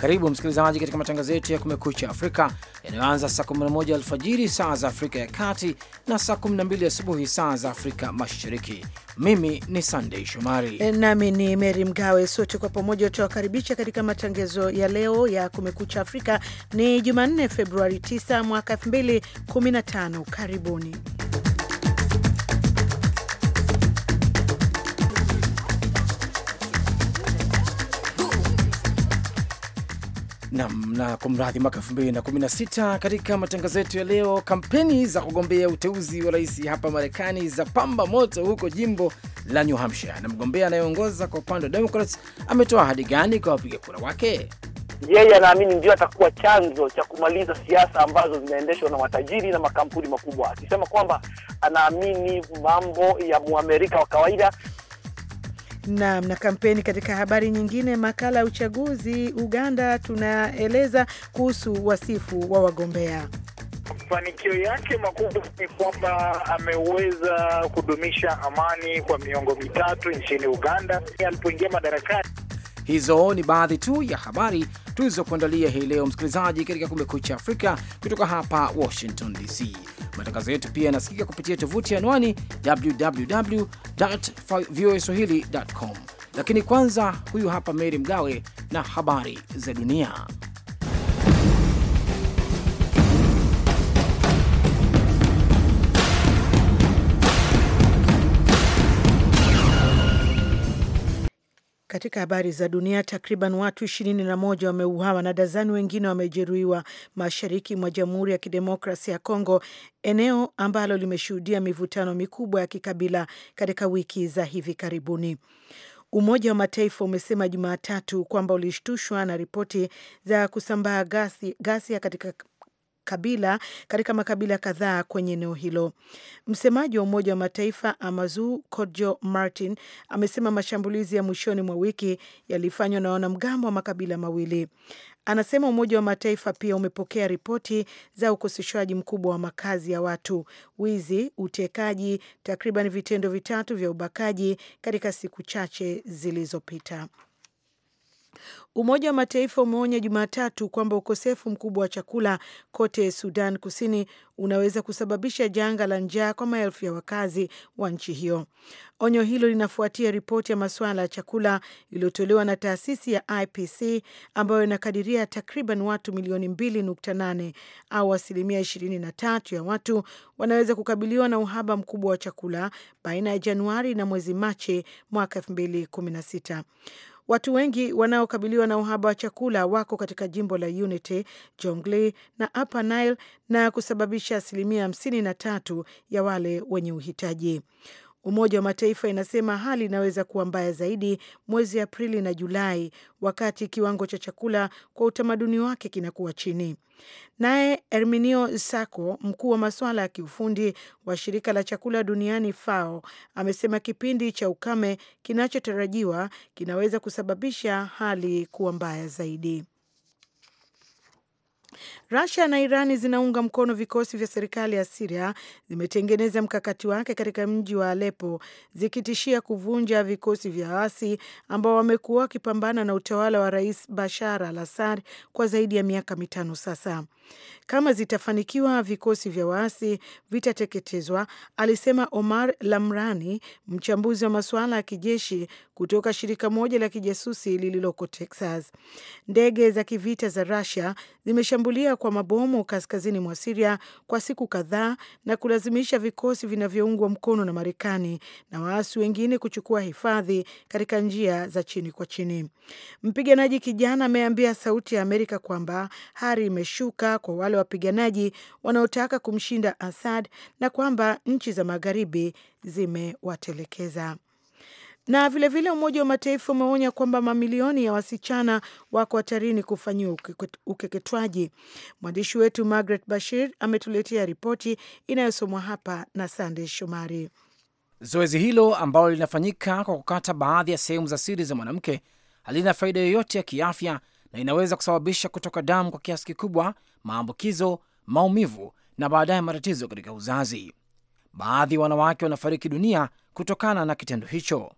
Karibu msikilizaji katika matangazo yetu ya Kumekucha Afrika yanayoanza saa 11 alfajiri saa za Afrika ya Kati na saa 12 asubuhi saa za Afrika Mashariki. Mimi ni Sandei Shomari e, nami ni Meri Mgawe. Sote kwa pamoja tunawakaribisha katika matangazo ya leo ya Kumekucha Afrika. Ni Jumanne, Februari 9 mwaka 2015. Karibuni. nam na kumradhi, mwaka 216 Katika matangazo yetu ya leo, kampeni za kugombea uteuzi wa rais hapa Marekani za pamba moto huko jimbo la New Hampshire, na mgombea anayeongoza kwa upande wa Democrats ametoa ahadi gani kwa wapiga kura wake? Yeye anaamini ndio atakuwa chanzo cha kumaliza siasa ambazo zinaendeshwa na matajiri na makampuni makubwa, akisema kwamba anaamini mambo ya muamerika wa kawaida Naam, na kampeni. Katika habari nyingine, makala ya uchaguzi Uganda, tunaeleza kuhusu wasifu wa wagombea. Mafanikio yake makubwa ni kwamba ameweza kudumisha amani kwa miongo mitatu nchini Uganda alipoingia madarakani. Hizo ni baadhi tu ya habari tulizokuandalia hii leo, msikilizaji, katika Kumekucha Afrika kutoka hapa Washington DC. Matangazo yetu pia yanasikika kupitia tovuti anwani www voa Lakini kwanza, huyu hapa Meri Mgawe na habari za dunia. Katika habari za dunia, takriban watu moja wameuawa na dazani wengine wamejeruhiwa mashariki mwa Jamhuri ya Kidemokrasia ya Kongo, eneo ambalo limeshuhudia mivutano mikubwa ya kikabila katika wiki za hivi karibuni. Umoja wa Mataifa umesema Jumatatu kwamba ulishtushwa na ripoti za kusambaa ghasia katika kabila katika makabila kadhaa kwenye eneo hilo. Msemaji wa Umoja wa Mataifa Amazu Kojo Martin amesema mashambulizi ya mwishoni mwa wiki yalifanywa na wanamgambo wa makabila mawili. Anasema Umoja wa Mataifa pia umepokea ripoti za ukoseshaji mkubwa wa makazi ya watu, wizi, utekaji, takriban vitendo vitatu vya ubakaji katika siku chache zilizopita. Umoja wa Mataifa umeonya Jumatatu kwamba ukosefu mkubwa wa chakula kote Sudan Kusini unaweza kusababisha janga la njaa kwa maelfu ya wakazi wa nchi hiyo. Onyo hilo linafuatia ripoti ya masuala ya chakula iliyotolewa na taasisi ya IPC ambayo inakadiria takriban watu milioni 2.8 au asilimia 23 ya watu wanaweza kukabiliwa na uhaba mkubwa wa chakula baina ya Januari na mwezi Machi mwaka 2016. Watu wengi wanaokabiliwa na uhaba wa chakula wako katika jimbo la Unity, Jonglei na Upper Nile na kusababisha asilimia hamsini na tatu ya wale wenye uhitaji. Umoja wa Mataifa inasema hali inaweza kuwa mbaya zaidi mwezi Aprili na Julai, wakati kiwango cha chakula kwa utamaduni wake kinakuwa chini. Naye Erminio Sacco, mkuu wa masuala ya kiufundi wa shirika la chakula duniani FAO, amesema kipindi cha ukame kinachotarajiwa kinaweza kusababisha hali kuwa mbaya zaidi. Rusia na Irani zinaunga mkono vikosi vya serikali ya Siria, zimetengeneza mkakati wake katika mji wa Alepo, zikitishia kuvunja vikosi vya waasi ambao wamekuwa wakipambana na utawala wa Rais Bashar al Assad kwa zaidi ya miaka mitano sasa. Kama zitafanikiwa, vikosi vya waasi vitateketezwa, alisema Omar Lamrani, mchambuzi wa masuala ya kijeshi kutoka shirika moja la kijasusi lililoko Texas. Ndege za kivita za Rusia zimeshambulia kwa mabomu kaskazini mwa Siria kwa siku kadhaa na kulazimisha vikosi vinavyoungwa mkono na Marekani na waasi wengine kuchukua hifadhi katika njia za chini kwa chini. Mpiganaji kijana ameambia Sauti ya Amerika kwamba hari imeshuka kwa wale wapiganaji wanaotaka kumshinda Assad na kwamba nchi za magharibi zimewatelekeza. Na vilevile vile Umoja wa Mataifa umeonya kwamba mamilioni ya wasichana wako hatarini kufanyiwa ukeketwaji. Mwandishi wetu Margaret Bashir ametuletea ripoti inayosomwa hapa na Sandey Shomari. Zoezi hilo ambalo linafanyika kwa kukata baadhi ya sehemu za siri za mwanamke halina faida yoyote ya kiafya na inaweza kusababisha kutoka damu kwa kiasi kikubwa, maambukizo, maumivu na baadaye matatizo katika uzazi. Baadhi ya wanawake wanafariki dunia kutokana na kitendo hicho.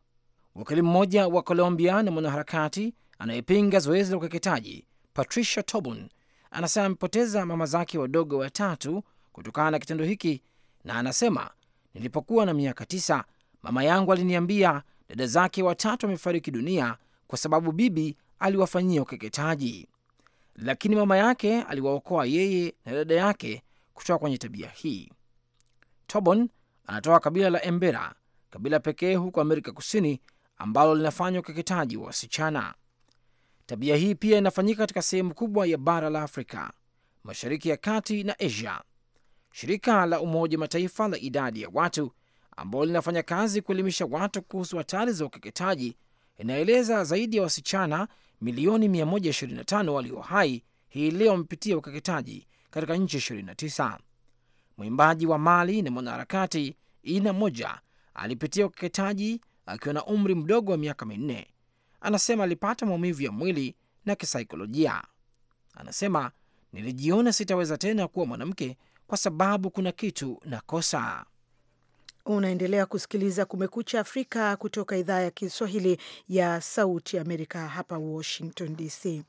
Wakili mmoja wa Colombia na mwanaharakati anayepinga zoezi la ukeketaji Patricia tobon anasema amepoteza mama zake wadogo watatu kutokana na kitendo hiki, na anasema nilipokuwa na miaka tisa, mama yangu aliniambia dada zake watatu wamefariki dunia kwa sababu bibi aliwafanyia ukeketaji, lakini mama yake aliwaokoa yeye na dada yake kutoka kwenye tabia hii. Tobon anatoka kabila la Embera, kabila pekee huko Amerika Kusini ambalo linafanya ukeketaji wa wasichana. Tabia hii pia inafanyika katika sehemu kubwa ya bara la Afrika, Mashariki ya Kati na Asia. Shirika la Umoja Mataifa la idadi ya watu ambalo linafanya kazi kuelimisha watu kuhusu hatari za ukeketaji inaeleza zaidi ya wasichana milioni 125 walio hai hii leo wamepitia ukeketaji katika nchi 29. Mwimbaji wa Mali na mwanaharakati Ina Moja alipitia ukeketaji akiwa na umri mdogo wa miaka minne. Anasema alipata maumivu ya mwili na kisaikolojia. Anasema nilijiona sitaweza tena kuwa mwanamke kwa sababu kuna kitu nakosa. Unaendelea kusikiliza Kumekucha Afrika kutoka idhaa ya Kiswahili ya Sauti Amerika, hapa Washington DC.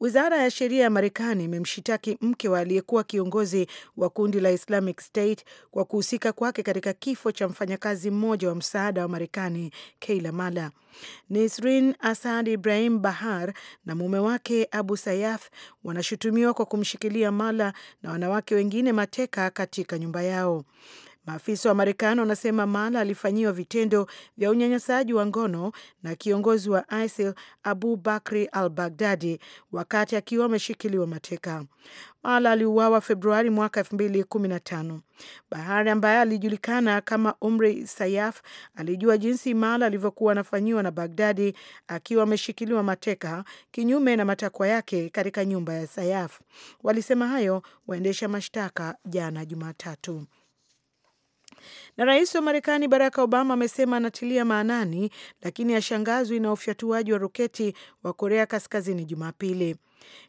Wizara ya sheria ya Marekani imemshitaki mke wa aliyekuwa kiongozi wa kundi la Islamic State kwa kuhusika kwake katika kifo cha mfanyakazi mmoja wa msaada wa Marekani, Kayla Mala. Nisrin Asad Ibrahim Bahar na mume wake Abu Sayaf wanashutumiwa kwa kumshikilia Mala na wanawake wengine mateka katika nyumba yao. Maafisa wa Marekani wanasema Mala alifanyiwa vitendo vya unyanyasaji wa ngono na kiongozi wa ISIL Abu Bakri al Baghdadi wakati akiwa ameshikiliwa mateka. Mala aliuawa Februari mwaka tano. Bahari ambaye alijulikana kama Umri Sayaf alijua jinsi Mala alivyokuwa anafanyiwa na bagdadi akiwa ameshikiliwa mateka kinyume na matakwa yake katika nyumba ya Sayaf. Walisema hayo waendesha mashtaka jana Jumatatu. Na rais wa Marekani Barack Obama amesema anatilia maanani, lakini ashangazwi na ufyatuaji wa roketi wa Korea Kaskazini Jumapili.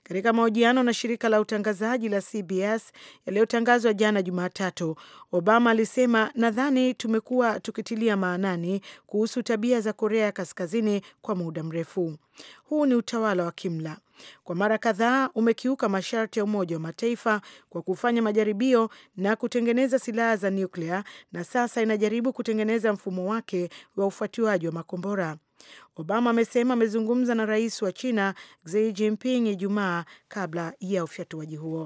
Katika mahojiano na shirika la utangazaji la CBS yaliyotangazwa jana Jumatatu, Obama alisema, nadhani tumekuwa tukitilia maanani kuhusu tabia za Korea ya Kaskazini kwa muda mrefu. Huu ni utawala wa kimla kwa mara kadhaa umekiuka masharti ya Umoja wa Mataifa kwa kufanya majaribio na kutengeneza silaha za nyuklia na sasa inajaribu kutengeneza mfumo wake wa ufuatiwaji wa makombora. Obama amesema amezungumza na rais wa China Xi Jinping Ijumaa kabla ya ufyatuaji huo.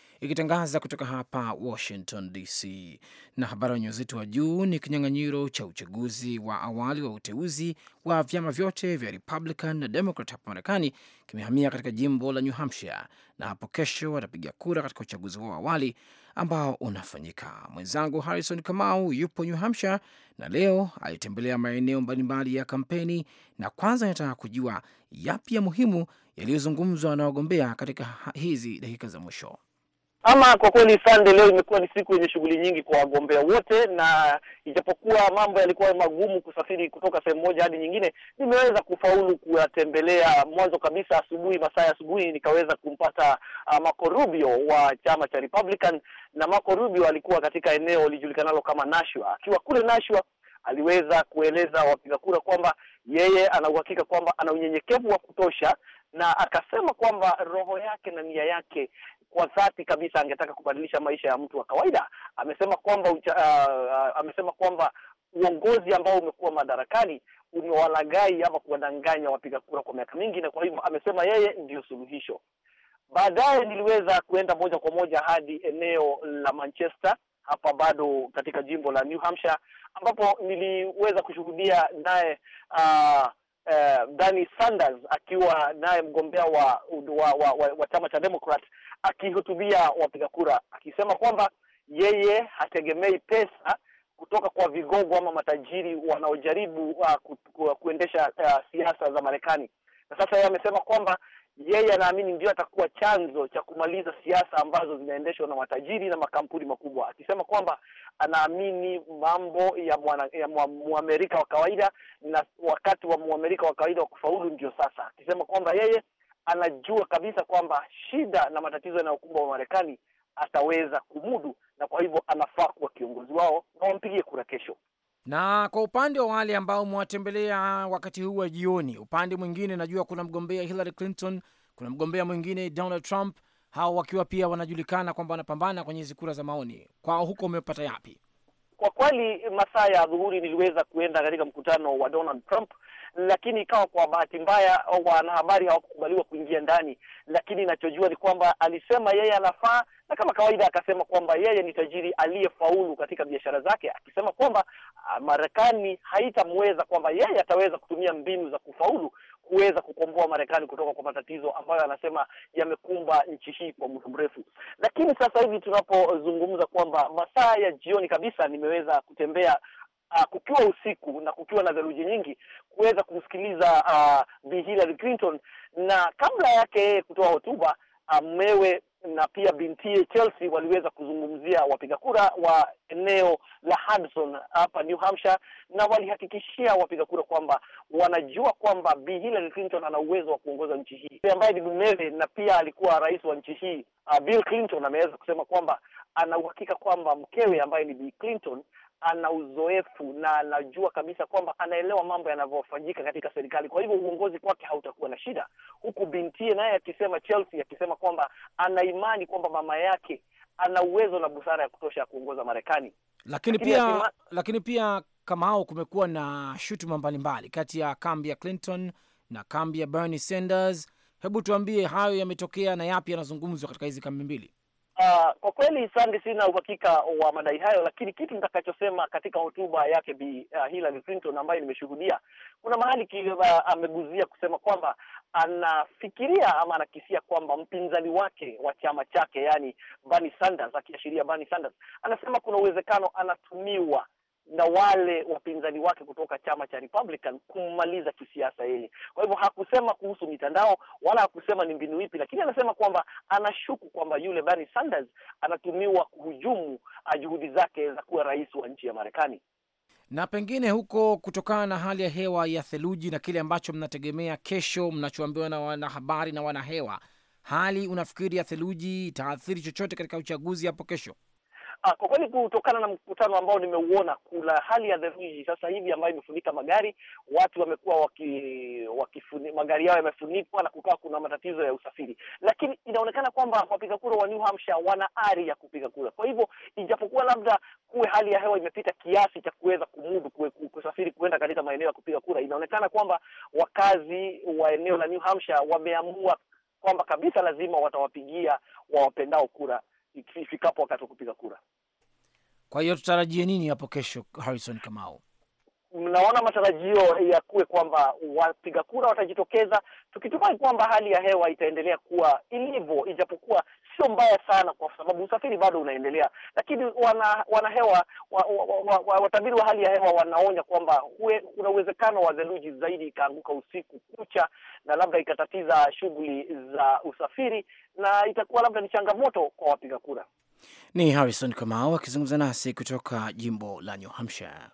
ikitangaza kutoka hapa Washington DC. Na habari wenye uzito wa juu ni kinyang'anyiro cha uchaguzi wa awali wa uteuzi wa vyama vyote vya Republican na Democrat hapa Marekani kimehamia katika jimbo la New Hampshire, na hapo kesho watapiga kura katika uchaguzi wao awali ambao unafanyika. Mwenzangu Harrison Kamau yupo New Hampshire na leo alitembelea maeneo mbalimbali ya kampeni, na kwanza anataka kujua yapi ya muhimu yaliyozungumzwa na wagombea katika hizi dakika za mwisho. Ama kwa kweli sande leo imekuwa ni siku yenye shughuli nyingi kwa wagombea wote, na ijapokuwa mambo yalikuwa magumu kusafiri kutoka sehemu moja hadi nyingine, nimeweza kufaulu kuyatembelea Mwanzo kabisa asubuhi, masaa ya asubuhi, nikaweza kumpata uh, Marco Rubio wa chama cha Republican, na Marco Rubio alikuwa katika eneo lijulikanalo kama Nashua. Akiwa kule Nashua aliweza kueleza wapiga kura kwamba yeye ana uhakika kwamba ana unyenyekevu wa kutosha na akasema kwamba roho yake na nia yake kwa dhati kabisa angetaka kubadilisha maisha ya mtu wa kawaida. Amesema kwamba uh, uh, amesema kwamba uongozi ambao umekuwa madarakani umewalagai ama kuwadanganya wapiga kura kwa miaka mingi, na kwa hivyo amesema yeye ndiyo suluhisho. Baadaye niliweza kuenda moja kwa moja hadi eneo la Manchester hapa bado katika jimbo la New Hampshire ambapo niliweza kushuhudia naye uh, uh, Bernie Sanders akiwa naye mgombea wa wa, wa, wa, wa chama cha Democrat akihutubia wapiga kura akisema kwamba yeye hategemei pesa kutoka kwa vigogo ama matajiri wanaojaribu uh, kuendesha uh, siasa za Marekani. Na sasa yeye amesema kwamba yeye anaamini ndio atakuwa chanzo cha kumaliza siasa ambazo zinaendeshwa na matajiri na makampuni makubwa, akisema kwamba anaamini mambo ya mwana, ya Mwamerika wa kawaida na wakati wa Mwamerika wa kawaida wa kufaulu ndio sasa, akisema kwamba yeye anajua kabisa kwamba shida na matatizo yanayokumba wa Marekani ataweza kumudu, na kwa hivyo anafaa kuwa kiongozi wao na wampigie kura kesho. Na kwa upande wa wale ambao mwatembelea wakati huu wa jioni, upande mwingine najua kuna mgombea Hillary Clinton, kuna mgombea mwingine Donald Trump, hao wakiwa pia wanajulikana kwamba wanapambana kwenye hizi kura za maoni. Kwao huko umepata yapi? Kwa kweli, masaa ya dhuhuri niliweza kuenda katika mkutano wa Donald Trump lakini ikawa kwa bahati mbaya wanahabari hawakukubaliwa kuingia ndani. Lakini inachojua ni kwamba alisema yeye anafaa, na kama kawaida akasema kwamba yeye ni tajiri aliyefaulu katika biashara zake, akisema kwamba ah, Marekani haitamweza, kwamba yeye ataweza kutumia mbinu za kufaulu kuweza kukomboa Marekani kutoka kwa matatizo ambayo anasema yamekumba nchi hii kwa muda mrefu. Lakini sasa hivi tunapozungumza kwamba masaa ya jioni kabisa, nimeweza kutembea Uh, kukiwa usiku na kukiwa na theluji nyingi, kuweza kumsikiliza uh, Bi Hillary Clinton, na kabla yake yeye kutoa hotuba ah, mmewe na pia bintie Chelsea waliweza kuzungumzia wapiga kura wa eneo la Hudson hapa New Hampshire, na walihakikishia wapiga kura kwamba wanajua kwamba Bi Hillary Clinton ana uwezo wa kuongoza nchi hii, ambaye ni mumewe na pia alikuwa rais wa nchi hii ah, Bill Clinton ameweza kusema kwamba ana uhakika kwamba mkewe ambaye ni Bi Clinton ana uzoefu na anajua kabisa kwamba anaelewa mambo yanavyofanyika katika serikali. Kwa hivyo uongozi kwake hautakuwa na shida, huku bintie naye akisema, Chelsea akisema kwamba ana imani kwamba mama yake ana uwezo na busara ya kutosha ya kuongoza Marekani. Lakini, lakini pia lakini pia kama hao, kumekuwa na shutuma mbalimbali kati ya kambi ya Clinton na kambi ya Bernie Sanders. Hebu tuambie hayo yametokea na yapi yanazungumzwa katika hizi kambi mbili? Uh, kwa kweli Sandi, sina uhakika wa madai hayo, lakini kitu nitakachosema katika hotuba yake Bi uh, Hillary Clinton ambayo nimeshuhudia, kuna mahali ah, ameguzia kusema kwamba anafikiria ama anakisia kwamba mpinzani wake wa chama chake, yani Bernie Sanders, akiashiria Bernie Sanders, anasema kuna uwezekano anatumiwa na wale wapinzani wake kutoka chama cha Republican kummaliza kisiasa yeye. Kwa hivyo hakusema kuhusu mitandao wala hakusema ni mbinu ipi, lakini anasema kwamba anashuku kwamba yule Bernie Sanders anatumiwa kuhujumu ah, juhudi zake za kuwa rais wa nchi ya Marekani. Na pengine huko, kutokana na hali ya hewa ya theluji na kile ambacho mnategemea kesho, mnachoambiwa na wanahabari na wanahewa, hali unafikiri ya theluji itaathiri chochote katika uchaguzi hapo kesho? Ah, kwa kweli kutokana na mkutano ambao nimeuona, kuna hali ya dheruji sasa hivi ambayo imefunika magari. Watu wamekuwa waki, wakifuni, magari yao yamefunikwa na kukawa kuna matatizo ya usafiri, lakini inaonekana kwamba wapiga kura wa New Hampshire wana ari ya kupiga kura. Kwa hivyo ijapokuwa labda kuwe hali ya hewa imepita kiasi cha kuweza kumudu kusafiri kuenda katika maeneo ya kupiga kura, inaonekana kwamba wakazi wa eneo la New Hampshire wameamua kwamba kabisa lazima watawapigia wawapendao kura ifikapo wakati wa kupiga kura. Kwa hiyo tutarajie nini hapo kesho, Harrison Kamau? Mnaona matarajio ya kuwe kwamba wapiga kura watajitokeza, tukitumai kwamba hali ya hewa itaendelea kuwa ilivyo, ijapokuwa sio mbaya sana, kwa sababu usafiri bado unaendelea, lakini wana wanahewa watabiri wa hali ya hewa wanaonya kwamba kuna uwezekano wa theluji zaidi ikaanguka usiku kucha, na labda ikatatiza shughuli za usafiri na itakuwa labda ni changamoto kwa wapiga kura. Ni Harrison Kamau akizungumza nasi kutoka jimbo la New Hampshire.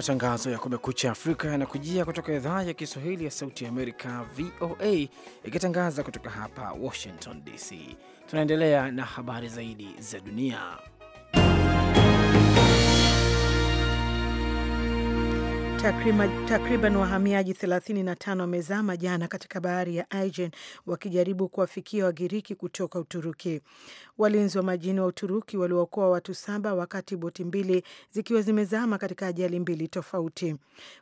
Matangazo ya Kumekucha Afrika yanakujia kutoka idhaa ya Kiswahili ya Sauti Amerika, VOA, ikitangaza kutoka hapa Washington DC. Tunaendelea na habari zaidi za dunia. Takriban wahamiaji 35 wamezama jana katika bahari ya Aegean wakijaribu kuwafikia Wagiriki kutoka Uturuki. Walinzi wa majini wa Uturuki waliokoa watu saba wakati boti mbili zikiwa zimezama katika ajali mbili tofauti.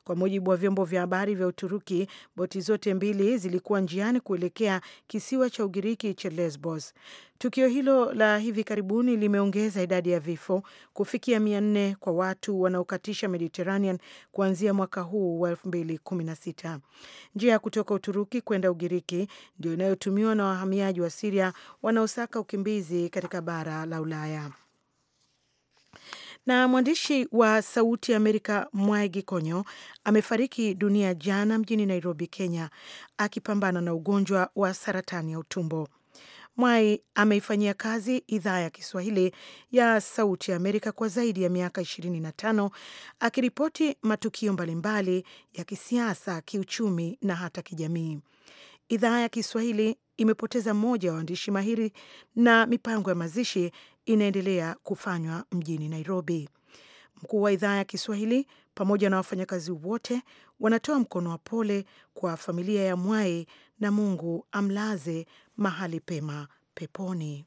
Kwa mujibu wa vyombo vya habari vya Uturuki, boti zote mbili zilikuwa njiani kuelekea kisiwa cha Ugiriki cha Lesbos. Tukio hilo la hivi karibuni limeongeza idadi ya vifo kufikia mia nne kwa watu wanaokatisha Mediterranean kuanzia mwaka huu wa sita. Njia ya kutoka Uturuki kwenda Ugiriki ndio inayotumiwa na wahamiaji wa Siria wanaosaka ukimbizi katika bara la Ulaya. Na mwandishi wa Sauti ya Amerika Mwae Gikonyo amefariki dunia jana mjini Nairobi, Kenya, akipambana na ugonjwa wa saratani ya utumbo. Mwai ameifanyia kazi idhaa ya Kiswahili ya Sauti ya Amerika kwa zaidi ya miaka 25 akiripoti matukio mbalimbali ya kisiasa, kiuchumi na hata kijamii. Idhaa ya Kiswahili imepoteza mmoja wa waandishi mahiri na mipango ya mazishi inaendelea kufanywa mjini Nairobi. Mkuu wa idhaa ya Kiswahili pamoja na wafanyakazi wote wanatoa mkono wa pole kwa familia ya Mwai na Mungu amlaze mahali pema peponi.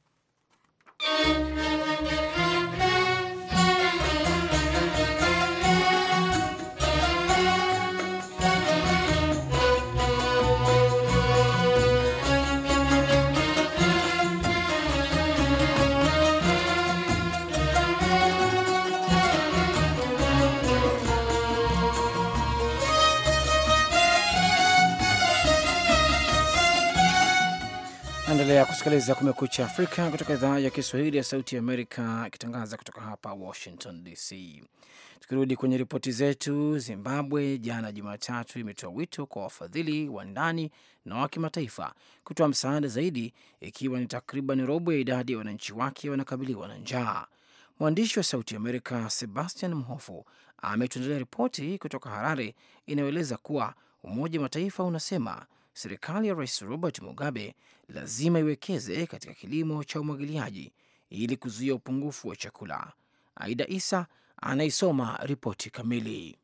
Naendelea kusikiliza Kumekucha Afrika kutoka idhaa ya Kiswahili ya Sauti ya Amerika ikitangaza kutoka hapa Washington DC. Tukirudi kwenye ripoti zetu, Zimbabwe jana Jumatatu imetoa wito kwa wafadhili wa ndani na wa kimataifa kutoa msaada zaidi, ikiwa ni takriban robo ya idadi ya wananchi wake wanakabiliwa na njaa. Mwandishi wa Sauti Amerika Sebastian Mhofu ametuendelea ripoti kutoka Harare inayoeleza kuwa Umoja wa Mataifa unasema serikali ya Rais Robert Mugabe lazima iwekeze katika kilimo cha umwagiliaji ili kuzuia upungufu wa chakula. Aida Isa anaisoma ripoti kamili.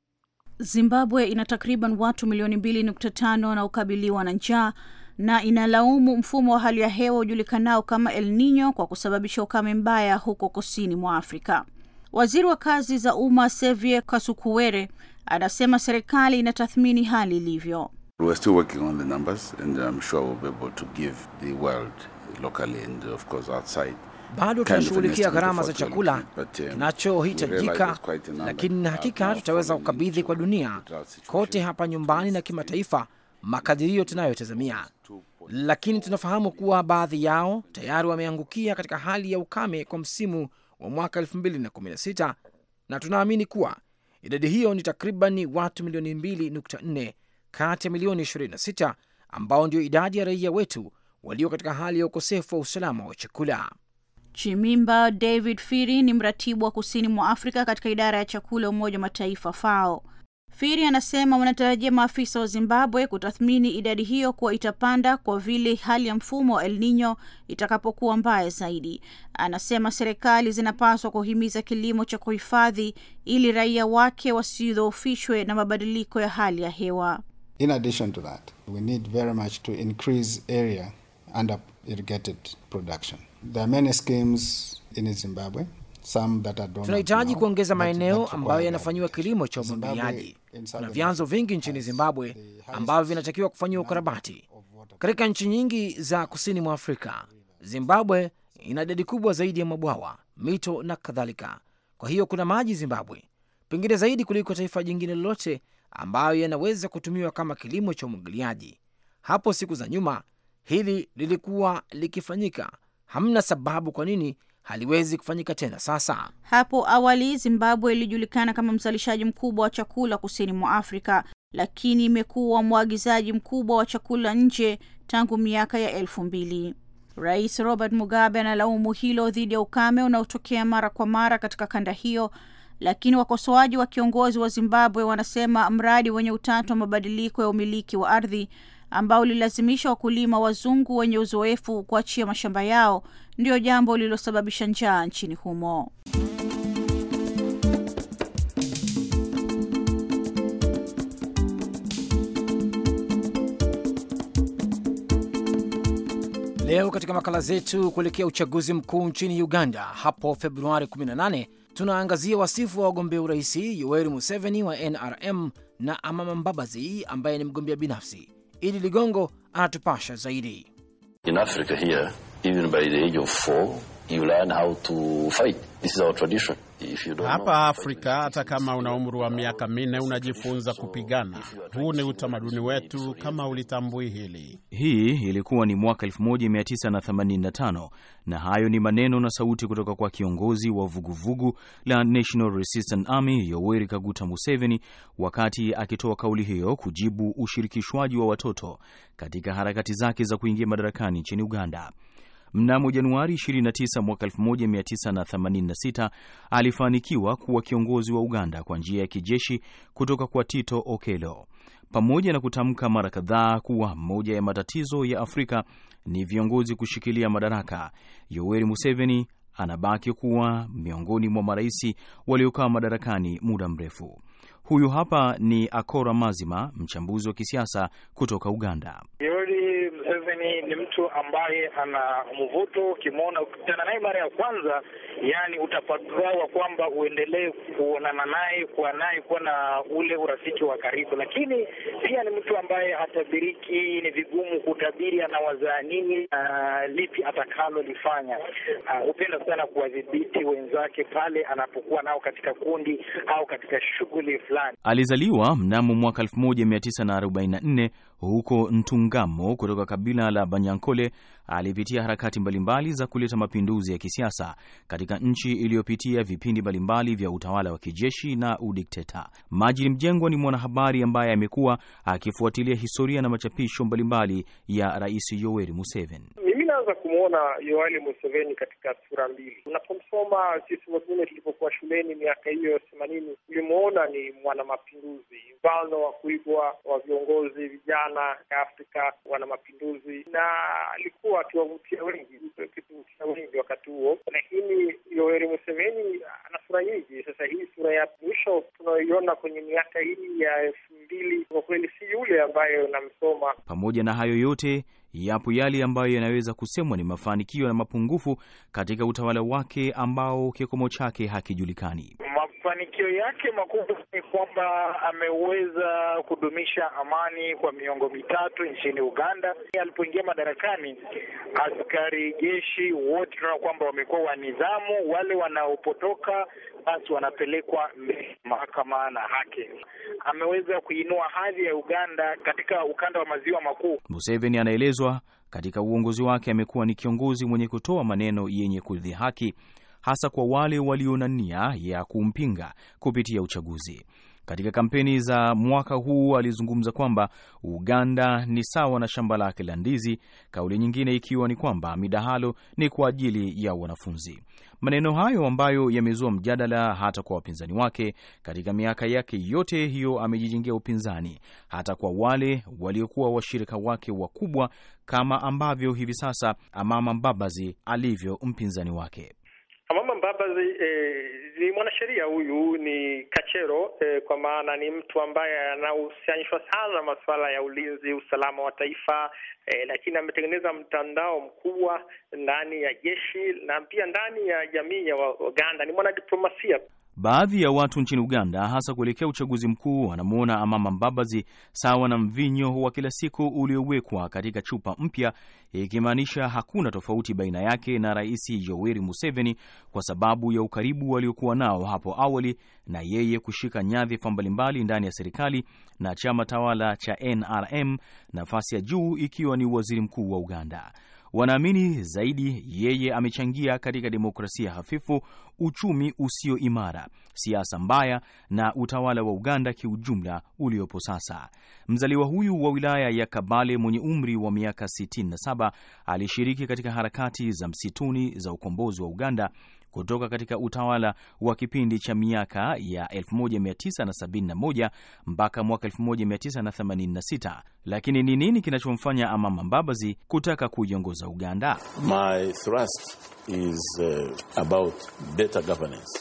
Zimbabwe ina takriban watu milioni 2.5 wanaokabiliwa na njaa na inalaumu mfumo wa hali ya hewa ujulikanao kama El Nino kwa kusababisha ukame mbaya huko kusini mwa Afrika. Waziri wa kazi za umma Sevie Kasukuwere anasema serikali inatathmini hali ilivyo. We're still working on the numbers and I'm sure we'll be able to give the world locally and of course outside bado tunashughulikia gharama za chakula um, kinachohitajika, lakini hakika tutaweza kukabidhi kwa dunia kote hapa nyumbani na kimataifa um, makadirio tunayotazamia, lakini tunafahamu kuwa baadhi yao tayari wameangukia katika hali ya ukame kwa msimu wa mwaka 2016 na tunaamini kuwa idadi hiyo ni takribani watu milioni 2.4 kati ya milioni 26 ambao ndio idadi ya raia wetu walio katika hali ya ukosefu wa usalama wa chakula. Chimimba David Firi ni mratibu wa kusini mwa Afrika katika idara ya chakula Umoja wa Mataifa FAO. Firi anasema wanatarajia maafisa wa Zimbabwe kutathmini idadi hiyo kuwa itapanda kwa vile hali ya mfumo wa El Nino itakapokuwa mbaya zaidi. Anasema serikali zinapaswa kuhimiza kilimo cha kuhifadhi ili raia wake wasidhoofishwe na mabadiliko ya hali ya hewa. In addition to that, we need very much to increase area under irrigated production. There are many schemes in Zimbabwe. Tunahitaji kuongeza maeneo ambayo yanafanyiwa kilimo cha umwagiliaji. Kuna vyanzo vingi nchini Zimbabwe ambavyo vinatakiwa kufanyiwa ukarabati. Katika nchi nyingi za kusini mwa Afrika, Zimbabwe ina idadi kubwa zaidi ya mabwawa, mito na kadhalika. Kwa hiyo kuna maji Zimbabwe, pengine zaidi kuliko taifa jingine lolote ambayo yanaweza kutumiwa kama kilimo cha umwagiliaji. Hapo siku za nyuma hili lilikuwa likifanyika, hamna sababu kwa nini haliwezi kufanyika tena sasa. Hapo awali Zimbabwe ilijulikana kama mzalishaji mkubwa wa chakula kusini mwa Afrika, lakini imekuwa mwagizaji mkubwa wa chakula nje tangu miaka ya elfu mbili. Rais Robert Mugabe analaumu hilo dhidi ya ukame unaotokea mara kwa mara katika kanda hiyo lakini wakosoaji wa kiongozi wa Zimbabwe wanasema mradi wenye utata wa mabadiliko ya umiliki wa ardhi ambao ulilazimisha wakulima wazungu wenye uzoefu kuachia mashamba yao ndiyo jambo lililosababisha njaa nchini humo. Leo katika makala zetu kuelekea uchaguzi mkuu nchini Uganda hapo Februari 18 tunaangazia wasifu wa wagombea urais Yoweri Museveni wa NRM na Amama Mbabazi ambaye ni mgombea binafsi. Idi Ligongo anatupasha zaidi. In Africa here, even by the age of four, you learn how to fight. This is our tradition. Hapa Afrika, hata kama una umri wa uh, miaka minne unajifunza kupigana. Huu ni utamaduni wetu, kama ulitambui hili. Hii ilikuwa ni mwaka 1985 na hayo ni maneno na sauti kutoka kwa kiongozi wa vuguvugu vugu la National Resistance Army Yoweri Kaguta Museveni wakati akitoa kauli hiyo kujibu ushirikishwaji wa watoto katika harakati zake za kuingia madarakani nchini Uganda. Mnamo Januari 29 mwaka 1986 alifanikiwa kuwa kiongozi wa Uganda kwa njia ya kijeshi kutoka kwa Tito Okello. Pamoja na kutamka mara kadhaa kuwa moja ya matatizo ya Afrika ni viongozi kushikilia madaraka, Yoweri Museveni anabaki kuwa miongoni mwa marais waliokaa madarakani muda mrefu. Huyu hapa ni Akora Mazima, mchambuzi wa kisiasa kutoka Uganda yani ni mtu ambaye ana mvuto, ukimwona ukikutana naye mara ya kwanza, yani utapagawa kwamba uendelee kuonana naye, kuwa naye, kuwa na ule urafiki wa karibu. Lakini pia ni mtu ambaye hatabiriki, ni vigumu kutabiri anawazaa nini, uh, lipi atakalolifanya. Ah, hupenda uh, sana kuwadhibiti wenzake pale anapokuwa nao katika kundi au katika shughuli fulani. Alizaliwa mnamo mwaka 1944 huko Ntungamo kutoka kabila la Banyankole alipitia harakati mbalimbali za kuleta mapinduzi ya kisiasa katika nchi iliyopitia vipindi mbalimbali vya utawala wa kijeshi na udikteta. majini Mjengwa ni mwanahabari ambaye amekuwa akifuatilia historia na machapisho mbalimbali ya Rais Yoweri Museveni. Mimi naanza kumwona Yoweri Museveni katika sura mbili. Unapomsoma sisi wengine tulipokuwa shuleni miaka hiyo themanini, tulimwona ni mwanamapinduzi mfano wa kuibwa wa viongozi vijana Afrika, wana mapinduzi, na alikuwa akiwavutia wengi, akivutia wengi wakati huo. Lakini Yoweri Museveni ana sura nyingi. Sasa hii sura ya mwisho tunayoiona kwenye miaka hii ya elfu mbili kwa kweli si yule ambayo namsoma. Pamoja na hayo yote yapo yale ambayo yanaweza kusemwa ni mafanikio na mapungufu katika utawala wake ambao kikomo chake hakijulikani mafanikio yake makubwa ni kwamba ameweza kudumisha amani kwa miongo mitatu nchini Uganda. Alipoingia madarakani, askari jeshi wote tunaona kwamba wamekuwa wa nidhamu, wale wanaopotoka basi wanapelekwa mahakama na haki. Ameweza kuinua hadhi ya Uganda katika ukanda wa maziwa makuu. Museveni anaelezwa katika uongozi wake amekuwa ni kiongozi mwenye kutoa maneno yenye kudhihaki haki hasa kwa wale walio na nia ya kumpinga kupitia uchaguzi. Katika kampeni za mwaka huu alizungumza kwamba Uganda ni sawa na shamba lake la ndizi, kauli nyingine ikiwa ni kwamba midahalo ni kwa ajili ya wanafunzi. Maneno hayo ambayo yamezua mjadala hata kwa wapinzani wake. Katika miaka yake yote hiyo amejijengea upinzani, hata kwa wale waliokuwa washirika wake wakubwa, kama ambavyo hivi sasa Amama Mbabazi alivyo mpinzani wake. Amama Mbabazi eh, ni mwanasheria huyu, ni kachero eh, kwa maana ni mtu ambaye anahusianishwa sana na masuala ya ulinzi, usalama wa taifa eh, lakini ametengeneza mtandao mkubwa ndani ya jeshi na pia ndani ya jamii ya Waganda. Ni mwanadiplomasia. Baadhi ya watu nchini Uganda, hasa kuelekea uchaguzi mkuu, wanamwona Amama Mbabazi sawa na mvinyo wa kila siku uliowekwa katika chupa mpya, ikimaanisha hakuna tofauti baina yake na Rais Yoweri Museveni kwa sababu ya ukaribu waliokuwa nao hapo awali na yeye kushika nyadhifa mbalimbali ndani ya serikali na chama tawala cha NRM, nafasi ya juu ikiwa ni waziri mkuu wa Uganda. Wanaamini zaidi yeye amechangia katika demokrasia hafifu, uchumi usio imara, siasa mbaya na utawala wa Uganda kiujumla uliopo sasa. Mzaliwa huyu wa wilaya ya Kabale mwenye umri wa miaka 67 alishiriki katika harakati za msituni za ukombozi wa Uganda kutoka katika utawala wa kipindi cha miaka ya 1971 mpaka mwaka 1986. Lakini ni nini kinachomfanya Amama Mbabazi kutaka kuiongoza Uganda? My thrust is uh, about better governance.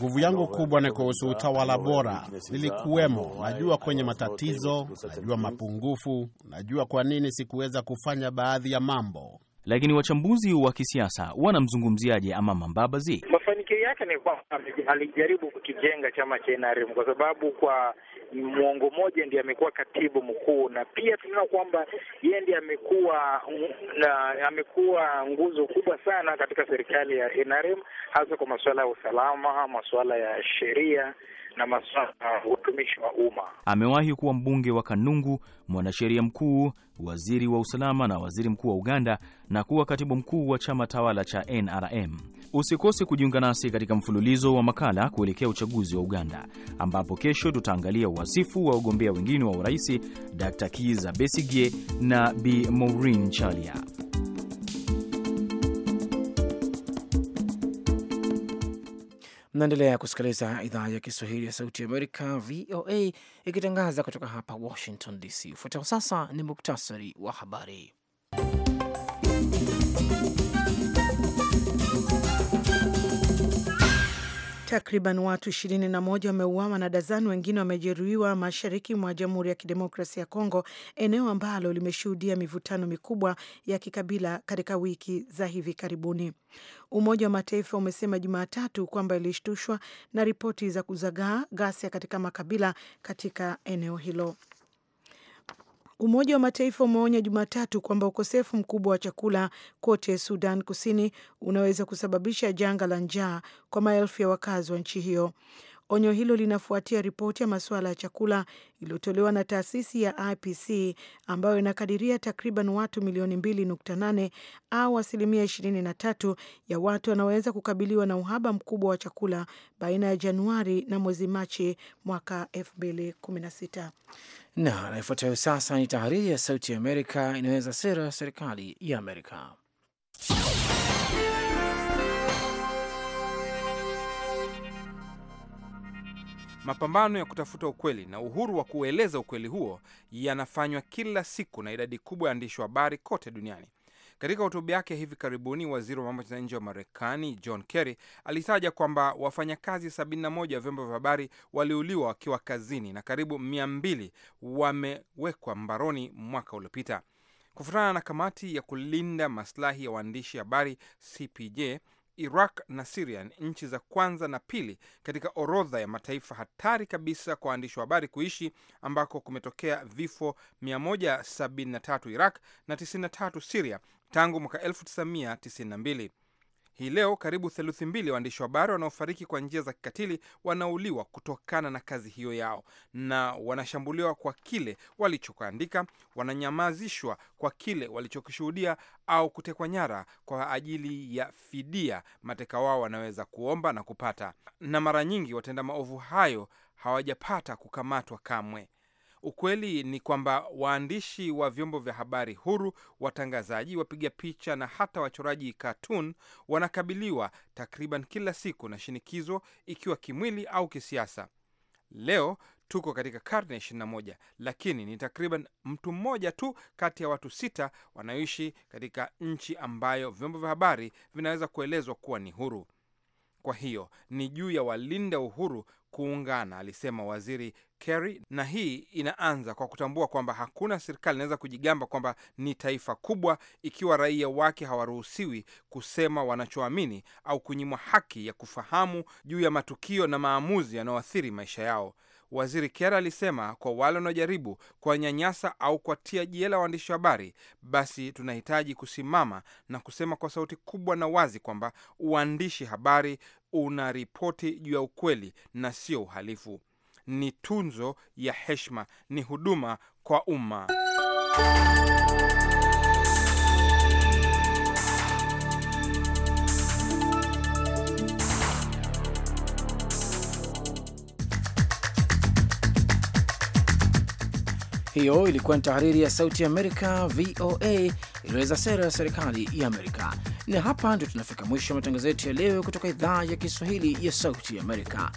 Nguvu yangu kubwa ni kuhusu utawala bora. Nilikuwemo, najua kwenye matatizo, najua mapungufu, najua kwa nini sikuweza kufanya baadhi ya mambo lakini wachambuzi wa kisiasa wanamzungumziaje Amama Mbabazi? Mafanikio yake ni kwamba alijaribu kukijenga chama cha NRM kwa sababu kwa mwongo mmoja ndiye amekuwa katibu mkuu, na pia tunaona kwamba yeye ndiye amekuwa na amekuwa nguzo kubwa sana katika serikali ya NRM, hasa kwa masuala ya usalama, masuala ya sheria na masuala ya utumishi wa umma. Amewahi kuwa mbunge wa Kanungu, mwanasheria mkuu waziri wa usalama na waziri mkuu wa Uganda na kuwa katibu mkuu wa chama tawala cha NRM. Usikose kujiunga nasi katika mfululizo wa makala kuelekea uchaguzi wa Uganda, ambapo kesho tutaangalia wasifu wa ugombea wengine wa uraisi Dr. Kiza Besigye na Bi Maureen Chalia. Naendelea kusikiliza idhaa ya Kiswahili ya Sauti ya Amerika, VOA, ikitangaza kutoka hapa Washington DC. Ufuatao sasa ni muktasari wa habari. Takriban watu 21 wameuawa na dazani wengine wamejeruhiwa mashariki mwa Jamhuri ya Kidemokrasia ya Kongo, eneo ambalo limeshuhudia mivutano mikubwa ya kikabila katika wiki za hivi karibuni. Umoja wa Mataifa umesema Jumatatu kwamba ilishtushwa na ripoti za kuzagaa ghasia katika makabila katika eneo hilo. Umoja wa Mataifa umeonya Jumatatu kwamba ukosefu mkubwa wa chakula kote Sudan Kusini unaweza kusababisha janga la njaa kwa maelfu ya wakazi wa nchi hiyo. Onyo hilo linafuatia ripoti ya masuala ya chakula iliyotolewa na taasisi ya IPC ambayo inakadiria takriban watu milioni 2.8 au asilimia 23 ya watu wanaweza kukabiliwa na uhaba mkubwa wa chakula baina ya Januari na mwezi Machi mwaka 2016. Na naifuatayo sasa ni tahariri ya Sauti ya Amerika inaweza sera ya serikali ya Amerika. Mapambano ya kutafuta ukweli na uhuru wa kueleza ukweli huo yanafanywa kila siku na idadi kubwa ya waandishi wa habari kote duniani. Katika hotuba yake hivi karibuni, waziri wa mambo ya nje wa Marekani John Kerry alitaja kwamba wafanyakazi 71 wa vyombo vya habari waliuliwa wakiwa kazini na karibu 200 wamewekwa mbaroni mwaka uliopita. kufutana na kamati ya kulinda maslahi ya waandishi habari CPJ, Iraq na Siria ni nchi za kwanza na pili katika orodha ya mataifa hatari kabisa kwa waandishi wa habari kuishi, ambako kumetokea vifo 173 Iraq na 93 Siria tangu mwaka 1992. Hii leo karibu theluthi mbili waandishi wa habari wanaofariki kwa njia za kikatili wanauliwa kutokana na kazi hiyo yao, na wanashambuliwa kwa kile walichoandika, wananyamazishwa kwa kile walichokishuhudia, au kutekwa nyara kwa ajili ya fidia mateka wao wanaweza kuomba na kupata, na mara nyingi watenda maovu hayo hawajapata kukamatwa kamwe. Ukweli ni kwamba waandishi wa vyombo vya habari huru, watangazaji, wapiga picha na hata wachoraji katuni wanakabiliwa takriban kila siku na shinikizo, ikiwa kimwili au kisiasa. Leo tuko katika karne ya 21 lakini ni takriban mtu mmoja tu kati ya watu sita wanaoishi katika nchi ambayo vyombo vya habari vinaweza kuelezwa kuwa ni huru. Kwa hiyo ni juu ya walinda uhuru kuungana, alisema Waziri Kerry, na hii inaanza kwa kutambua kwamba hakuna serikali inaweza kujigamba kwamba ni taifa kubwa ikiwa raia wake hawaruhusiwi kusema wanachoamini au kunyimwa haki ya kufahamu juu ya matukio na maamuzi yanayoathiri maisha yao. Waziri kera alisema kwa wale wanaojaribu kuwanyanyasa au kuwatia jela waandishi wa habari, basi tunahitaji kusimama na kusema kwa sauti kubwa na wazi kwamba uandishi habari una ripoti juu ya ukweli na sio uhalifu. Ni tunzo ya heshima, ni huduma kwa umma. Hiyo ilikuwa ni tahariri ya Sauti Amerika VOA iliyoeleza sera ya serikali ya Amerika. Na hapa ndio tunafika mwisho wa matangazo yetu ya leo kutoka idhaa ya Kiswahili ya Sauti Amerika.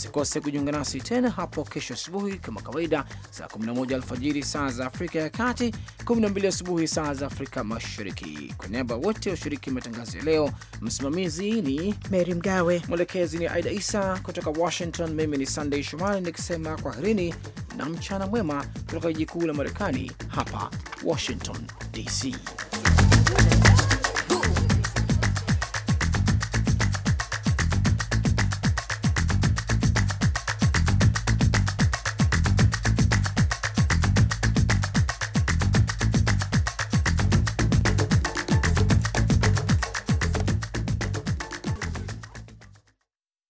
Usikose kujiunga nasi tena hapo kesho asubuhi kama kawaida, saa 11 alfajiri saa za Afrika ya Kati, 12 asubuhi saa za Afrika Mashariki. Kwa niaba wote washiriki matangazo ya leo, msimamizi ni Meri Mgawe, mwelekezi ni Aida Isa kutoka Washington. Mimi ni sandey Shomari nikisema kwaherini na mchana mwema kutoka jiji kuu la Marekani, hapa Washington DC.